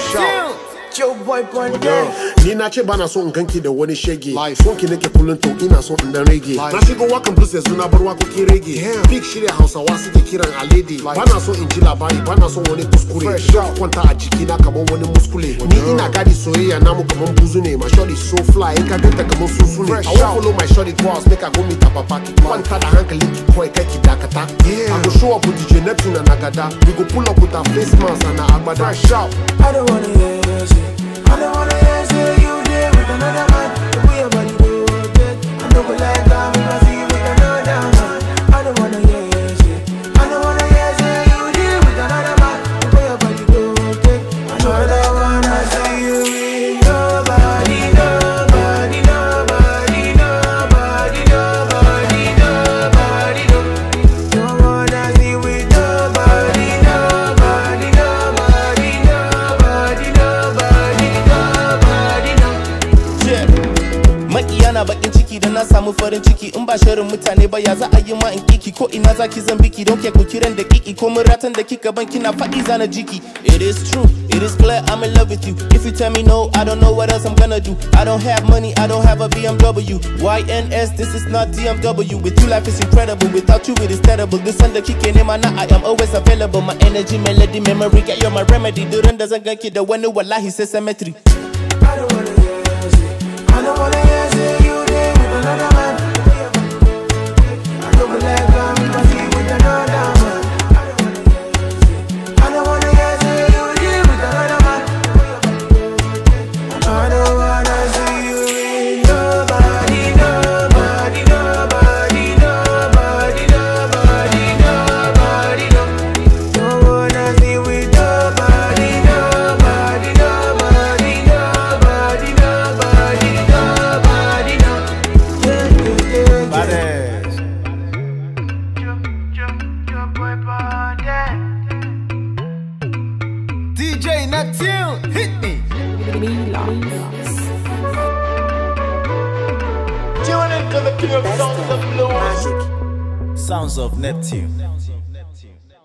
Show. Joe White one ni na bana so da wani shege nake to ina so in na shigo wakan blues yanzu na big shirya suke kiran bana so in ji labari bana so wani kuskure kwanta a jiki na kamar wani muskule ni ina gadi soyayya namu kamar buzu ne my shorty so fly in ka ganta kamar susu ne i follow my shorty cross make i go meet papa kwanta da hankali ki kai ki dakata i go show up with DJ Neptune and Agada we go pull up with our face mask and our agbada. I don't wanna hear shit. I don't wanna hear na samu farin ciki in ba shirin mutane ba ya za a yi ma in kiki ko ina za ki zan biki don ke ku kiran da kiki ko mun ratan da kika ban kina faɗi zana jiki it is true it is clear I'm in love with you if you tell me no I don't know what else I'm gonna do I don't have money I don't have a BMW YNS this is not DMW with you life is incredible without you it is terrible this under kicking in my night I am always available my energy melody memory get you my remedy duran da zan ganki da wani wallahi sai cemetery that tune. Hit me. Tune into the pure sounds of blues. Sounds of Neptune.